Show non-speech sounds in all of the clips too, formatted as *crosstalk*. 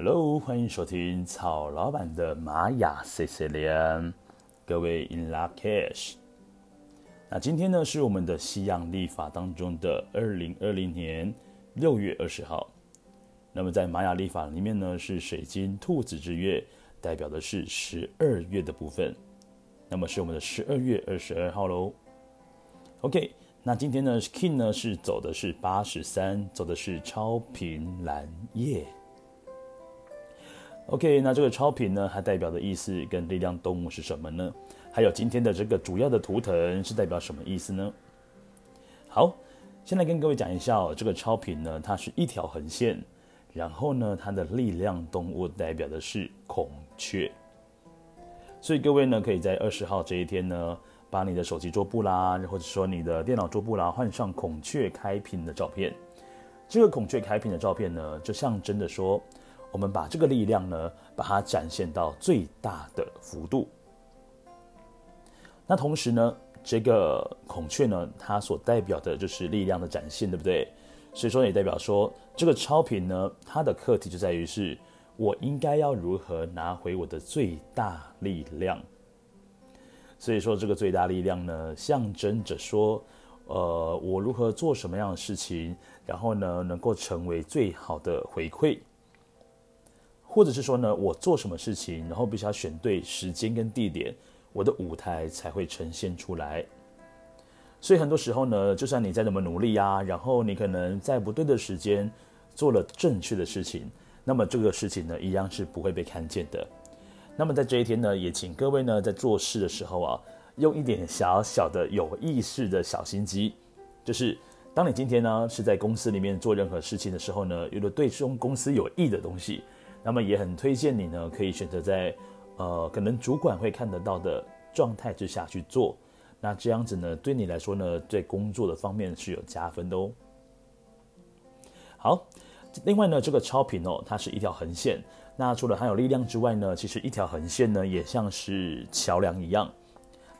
Hello，歡迎收聽草老板的瑪雅 C C 連，各位 In lak'ech。那今天呢是我們的西洋曆法當中的二零二零年六月二十號。那麼在瑪雅曆法裡面呢，是水晶兔子之月，代表的是十二月的部分。那麼是我們的十二月二十二號嘍。OK，那今天呢，Kin 呢是走的是八十三，走的是超頻藍夜。OK，那這個超頻呢，它代表的意思跟力量動物是什麼呢？還有今天的這個主要的圖騰是代表什麼意思呢？好，先來跟各位講一下，喔、這個超頻呢，它是一條橫線，然後呢，它的力量動物代表的是孔雀，所以各位呢，可以在二十號這一天呢，把你的手機桌布啦，或者說你的電腦桌布啦，換上孔雀開屏的照片。這個孔雀開屏的照片呢，就象徵著說，我們把這個力量呢，把它展現到最大的幅度。那同時呢，這個孔雀呢，它所代表的就是力量的展現，對不對？所以說也代表說，這個超頻呢，它的課題就在於是我應該要如何拿回我的最大力量。所以說，這個最大力量呢，象徵着說，呃，我如何做什麼樣的事情，然後呢，能夠成為最好的回饋。或者是說呢，我做什麼事情，然後必須要選對時間跟地點，我的舞台才會呈現出來。所以很多時候呢，就算你再怎麼努力呀、啊，然後你可能在不對的時間做了正確的事情，那麼這個事情呢，一樣是不會被看見的。那麼在這一天呢，也請各位呢，在做事的時候啊，用一點小小的有意識的小心機，就是當你今天呢是在公司裡面做任何事情的時候呢，有了對這種公司有益的東西。那麼也很推薦你呢，可以選擇在，呃，可能主管會看得到的狀態之下去做，那這樣子呢，對你來說呢，在工作的方面是有加分的哦。好，另外呢，這個超頻哦、喔，它是一條橫線，那除了它有力量之外呢，其實一條橫線呢，也像是橋樑一樣，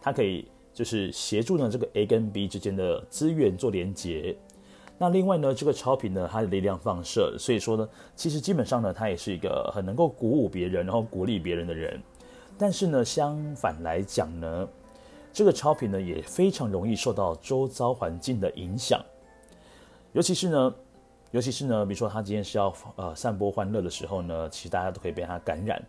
它可以就是協助呢這個 A 跟 B 之間的資源做連接。那另外呢，這個超頻呢，它的力量放射，所以說呢，其實基本上呢，他也是一個很能夠鼓舞別人，然後鼓勵別人的人。但是呢，相反來講呢，這個超頻呢，也非常容易受到周遭環境的影響，尤其是呢，尤其是呢，比如說他今天是要呃散播歡樂的時候呢，其實大家都可以被他感染。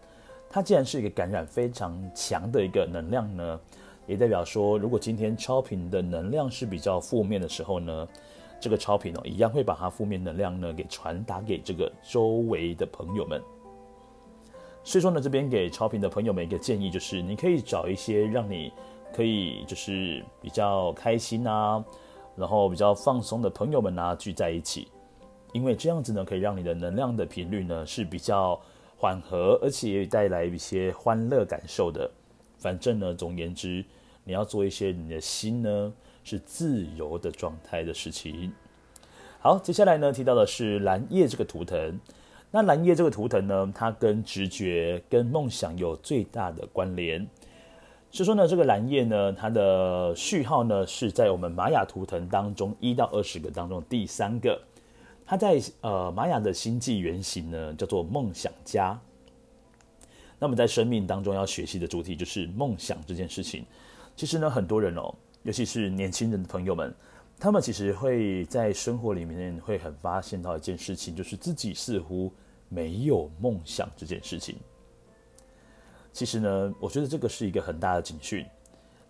他既然是一個感染非常強的一個能量呢，也代表說，如果今天超頻的能量是比較負面的時候呢。這個超頻呢、哦，一樣會把它負面能量呢給傳達給這個周圍的朋友們。所以說呢，這邊給超頻的朋友們一個建議，就是你可以找一些讓你可以就是比較開心啊，然後比較放鬆的朋友們呢、啊、聚在一起，因為這樣子呢可以讓你的能量的頻率呢是比較緩和，而且帶來一些歡樂感受的。反正呢，總而言之，你要做一些你的心呢。是自由的狀態的事情。好，接下來呢，提到的是藍夜這個圖騰。那藍夜這個圖騰呢，它跟直覺、跟夢想有最大的關聯。就說呢，這個藍夜呢，它的序號呢是在我們瑪雅圖騰當中一到二十個當中第三個。它在呃瑪雅的星際原型呢，叫做夢想家。那麼在生命當中要學習的主題就是夢想這件事情。其實呢，很多人哦、喔。尤其是年輕人的朋友們，他們其實會在生活裡面會很發現到一件事情，就是自己似乎沒有夢想這件事情。其實呢，我覺得這個是一個很大的警訊。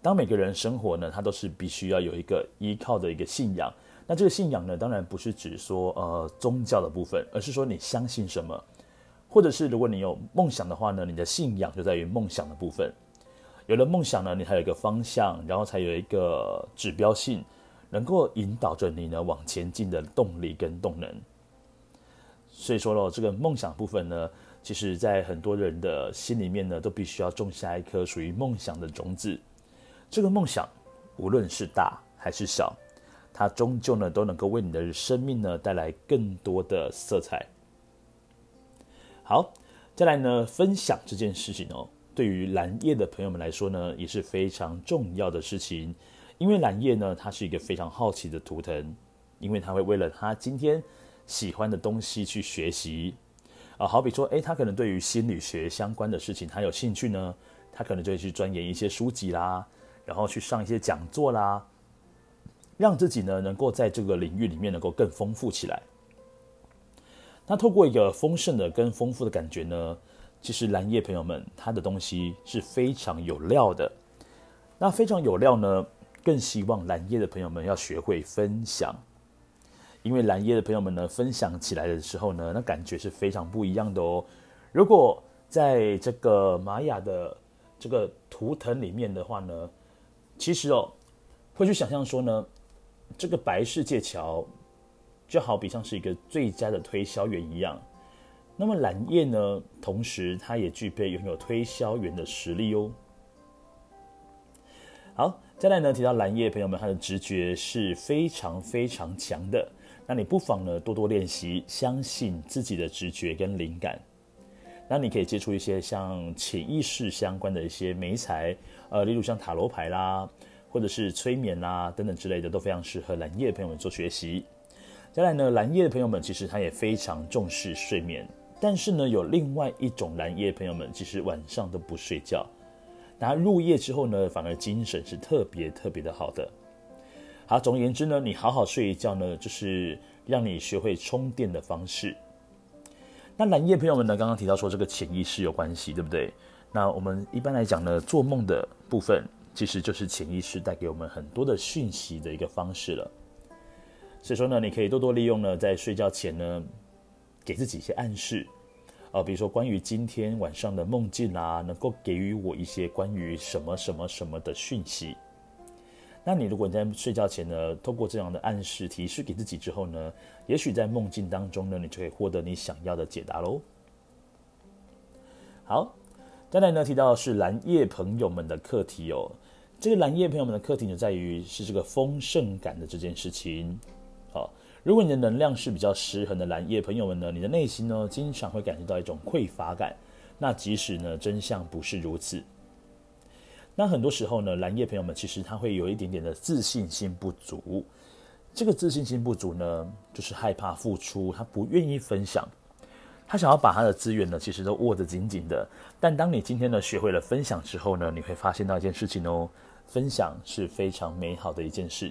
當每個人生活呢，他都是必須要有一個依靠的一個信仰。那這個信仰呢，當然不是只說呃宗教的部分，而是說你相信什麼，或者是如果你有夢想的話呢，你的信仰就在於夢想的部分。有了夢想呢，你還有一個方向，然後才有一個指標性，能夠引導着你呢往前進的動力跟動能。所以說呢，這個夢想部分呢，其實在很多人的心裡面呢，都必須要種下一顆屬於夢想的種子。這個夢想，無論是大還是小，它終究呢，都能夠為你的生命呢帶來更多的色彩。好，再來呢，分享這件事情哦。對於藍夜的朋友們來說呢，也是非常重要的事情，因為藍夜呢，他是一個非常好奇的圖騰，因為他會為了他今天喜歡的東西去學習啊。好比說，誒，他可能對於心理學相關的事情他有興趣呢，他可能就會去鑽研一些書籍啦，然後去上一些講座啦，讓自己呢能夠在這個領域裡面能夠更豐富起來。那透過一個豐盛的跟豐富的感覺呢。其實藍夜朋友們，他的東西是非常有料的。那非常有料呢，更希望藍夜的朋友們要學會分享，因為藍夜的朋友們呢，分享起來的時候呢，那感覺是非常不一樣的哦。如果在這個瑪雅的這個圖騰裡面的話呢，其實哦，會去想象說呢，這個白世界橋就好比像是一個最佳的推銷員一樣。那麼藍夜呢，同時，他也具備擁有推銷員的實力哦。好，再來呢，提到藍夜朋友們，他的直覺是非常非常強的。那你不妨呢，多多練習，相信自己的直覺跟靈感。那你可以接觸一些像潛意識相關的一些媒材，呃，例如像塔羅牌啦，或者是催眠啦等等之類的，都非常適合藍夜的朋友們做學習。再來呢，藍夜的朋友們其實他也非常重視睡眠。但是呢，有另外一種藍夜朋友們，其實晚上都不睡覺，那入夜之後呢，反而精神是特別特別的好的。好，總而言之呢，你好好睡一覺呢，就是讓你學會充電的方式。那藍夜朋友們呢，剛剛提到說這個潛意識有關係，對不對？那我們一般來講呢，做夢的部分其實就是潛意識帶給我們很多的訊息的一個方式了。所以說呢，你可以多多利用呢，在睡覺前呢。給自己一些暗示，啊，比如說，關於今天晚上的夢境啊，能夠給予我一些關於什麼什麼什麼的訊息。那你如果你在睡覺前呢，透過這樣的暗示提示給自己之後呢，也許在夢境當中呢，你就可以獲得你想要的解答嘍。好，再來呢，提到是藍夜朋友們的課題哦，這個藍夜朋友們的課題呢，在於是這個豐盛感的這件事情，好。如果你的能量是比較失衡的藍夜朋友們呢，你的內心呢經常會感覺到一種匱乏感。那即使呢真相不是如此，那很多時候呢藍夜朋友們其實他會有一點點的自信心不足。這個自信心不足呢，就是害怕付出，他不願意分享，他想要把他的資源呢其實都握得緊緊的。但當你今天呢學會了分享之後呢，你會發現到一件事情哦，分享是非常美好的一件事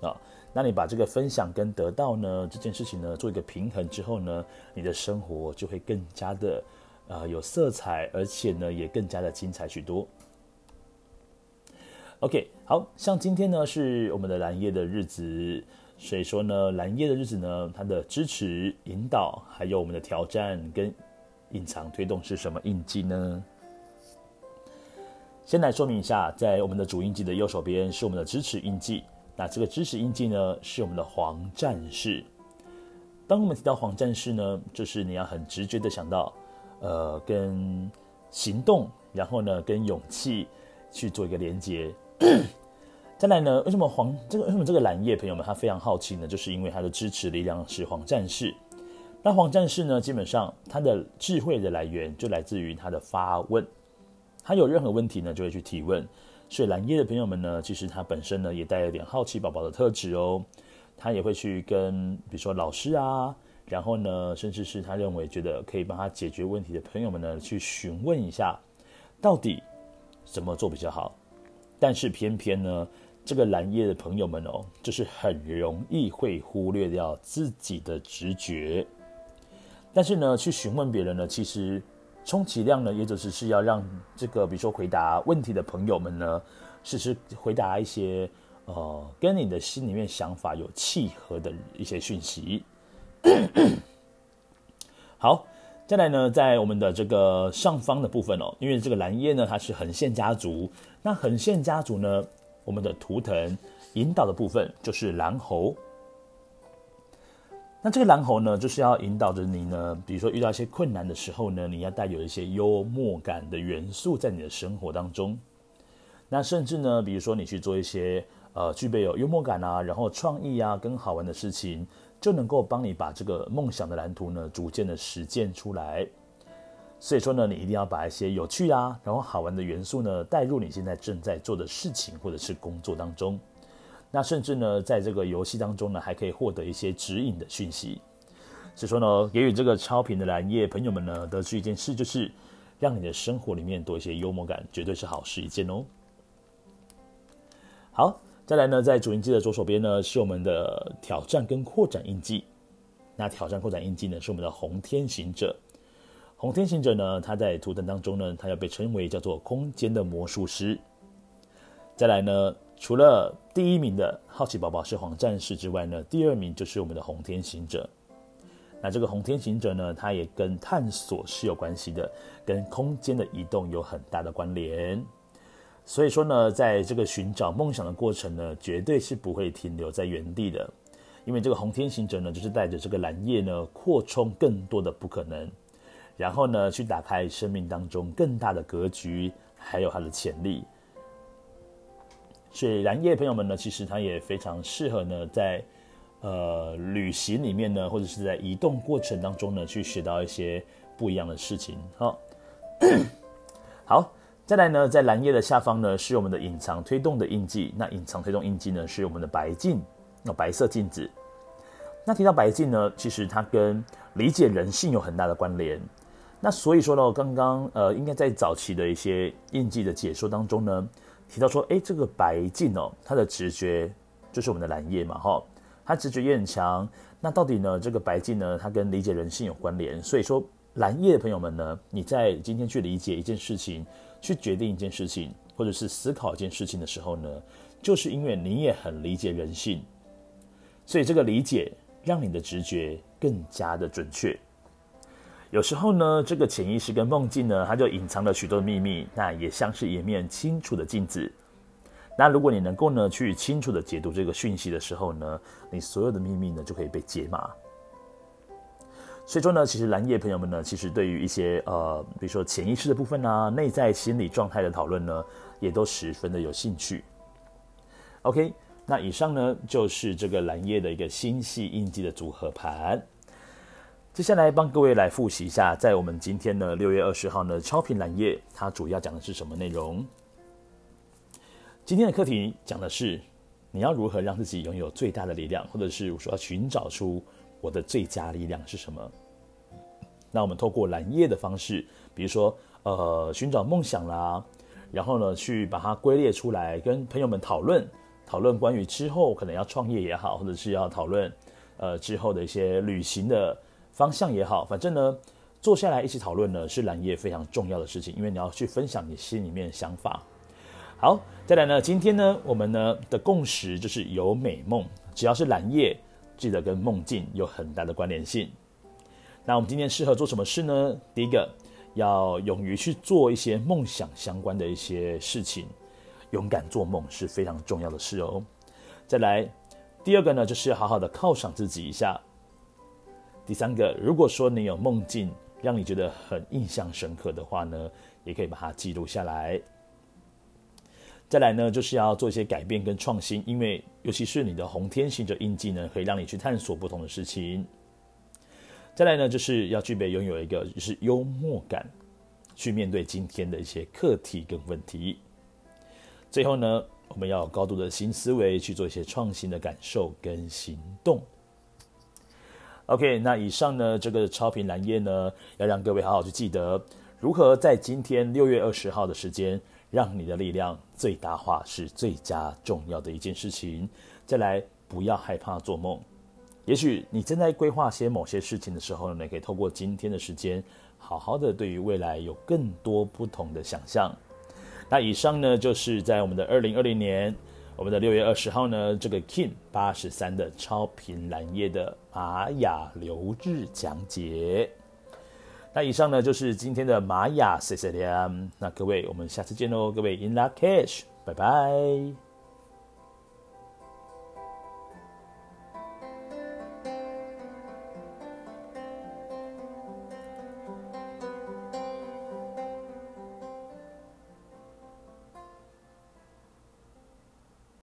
啊。哦那你把這個分享跟得到呢這件事情呢做一個平衡之後呢，你的生活就會更加的，呃，有色彩，而且呢也更加的精彩許多。OK，好像今天呢是我們的藍夜的日子，所以說呢藍夜的日子呢，它的支持、引導，還有我們的挑戰跟隱藏推動是什麼印記呢？先來說明一下，在我們的主印記的右手邊是我們的支持印記。那這個知識印記呢，是我們的黃戰士。當我們提到黃戰士呢，就是你要很直覺的想到，呃，跟行動，然後呢，跟勇氣去做一個連接。 *coughs* 再來呢，為什麼黃這個為什麼這個藍夜朋友們他非常好奇呢？就是因為他的支持力量是黃戰士。那黃戰士呢，基本上他的智慧的來源就來自於他的發問。他有任何問題呢，就會去提問。所以藍夜的朋友們呢，其實他本身呢也帶有點好奇寶寶的特質哦，他也會去跟比如說老師啊，然後呢，甚至是他認為覺得可以幫他解決問題的朋友們呢，去詢問一下，到底怎麼做比較好。但是偏偏呢，這個藍夜的朋友們哦，就是很容易會忽略掉自己的直覺，但是呢，去詢問別人呢，其實。充其量呢，也就是是要讓這個，比如說回答問題的朋友們呢，試試回答一些，呃，跟你的心裡面想法有契合的一些訊息。 *coughs* 好，再來呢，在我們的這個上方的部分哦、喔，因為這個藍夜呢，它是橫線家族，那橫線家族呢，我們的圖騰引導的部分就是藍猴。那這個藍猴呢，就是要引導着你呢，比如說遇到一些困難的時候呢，你要帶有一些幽默感的元素在你的生活當中。那甚至呢，比如說你去做一些呃具備有幽默感啊，然後創意啊，跟好玩的事情，就能夠幫你把這個夢想的藍圖呢，逐漸的實踐出來。所以說呢，你一定要把一些有趣啊，然後好玩的元素呢，帶入你現在正在做的事情或者是工作當中。那甚至呢，在這個遊戲當中呢，還可以獲得一些指引的訊息。所以說呢，給予這個超頻的藍夜朋友們呢，得知一件事，就是讓你的生活裡面多一些幽默感，絕對是好事一件哦。好，再來呢，在主印記的左手邊呢，是我們的挑戰跟擴展印記。那挑戰擴展印記呢，是我們的紅天行者。紅天行者呢，他在圖騰當中呢，他要被稱為叫做空間的魔術師。再來呢。除了第一名的好奇寶寶是黃戰士之外呢，第二名就是我們的紅天行者。那這個紅天行者呢，它也跟探索是有關係的，跟空間的移動有很大的關聯。所以說呢，在這個尋找夢想的過程呢，絕對是不會停留在原地的。因為這個紅天行者呢，就是帶着這個藍夜呢，擴充更多的不可能，然後呢，去打開生命當中更大的格局，還有它的潛力。所以藍夜朋友們呢，其實它也非常適合呢，在呃旅行裡面呢，或者是在移動過程當中呢，去學到一些不一樣的事情。好， *coughs* 好，再來呢，在藍夜的下方呢，是我們的隱藏推動的印記。那隱藏推動印記呢，是我們的白鏡，那白色鏡子。那提到白鏡呢，其實它跟理解人性有很大的關聯。那所以說呢，剛剛呃，應該在早期的一些印記的解說當中呢。提到說，誒，這個白鏡哦，他的直覺就是我們的藍夜嘛，哈，他直覺也很強。那到底呢，這個白鏡呢，他跟理解人性有關聯。所以說，藍夜的朋友們呢，你在今天去理解一件事情、去決定一件事情，或者是思考一件事情的時候呢，就是因為你也很理解人性，所以這個理解讓你的直覺更加的準確。有時候呢，這個潛意識跟夢境呢，它就隱藏了許多的秘密。那也像是一面清楚的鏡子。那如果你能夠呢，去清楚的解讀這個訊息的時候呢，你所有的秘密呢，就可以被解碼。所以說呢，其實藍夜朋友們呢，其實對於一些呃，比如說潛意識的部分啊，內在心理狀態的討論呢，也都十分的有興趣。OK，那以上呢，就是這個藍夜的一個星系印記的組合盤。接下來幫各位來複習一下，在我們今天的六月二十號呢，超頻藍夜它主要講的是什麼內容？今天的課題講的是你要如何讓自己擁有最大的力量，或者是我說要尋找出我的最佳力量是什麼？那我們透過藍夜的方式，比如說呃尋找夢想啦，然後呢去把它歸列出來，跟朋友們討論討論關於之後可能要創業也好，或者是要討論呃之後的一些旅行的。方向也好，反正呢，坐下來一起討論呢，是藍夜，非常重要的事情，因為你要去分享你心裡面的想法。好，再來呢，今天呢，我們呢的共識就是有美夢，只要是藍夜，記得跟夢境有很大的關聯性。那我們今天適合做什麼事呢？第一個，要勇於去做一些夢想相關的一些事情，勇敢做夢是非常重要的事哦。再來，第二個呢，就是要好好的犒賞自己一下。第三個，如果說你有夢境讓你覺得很印象深刻的話呢，也可以把它記錄下來。再來呢，就是要做一些改變跟創新，因為尤其是你的紅天行者印記呢，可以讓你去探索不同的事情。再來呢，就是要具備擁有一個就是幽默感，去面對今天的一些課題跟問題。最後呢，我們要有高度的新思維去做一些創新的感受跟行動。OK，那以上呢，這個超頻藍夜呢，要讓各位好好去記得，如何在今天六月二十號的時間，讓你的力量最大化是最佳重要的一件事情。再來，不要害怕做夢。也許你正在規劃些某些事情的時候呢，你可以透過今天的時間，好好的對於未來有更多不同的想象。那以上呢，就是在我們的二零二零年。我們的六月二十號呢，這個 Kin 八十三的超頻藍夜的瑪雅流日講解。那以上呢，就是今天的瑪雅碎碎念。那各位，我們下次見嘍！各位，In lak'ech，拜拜。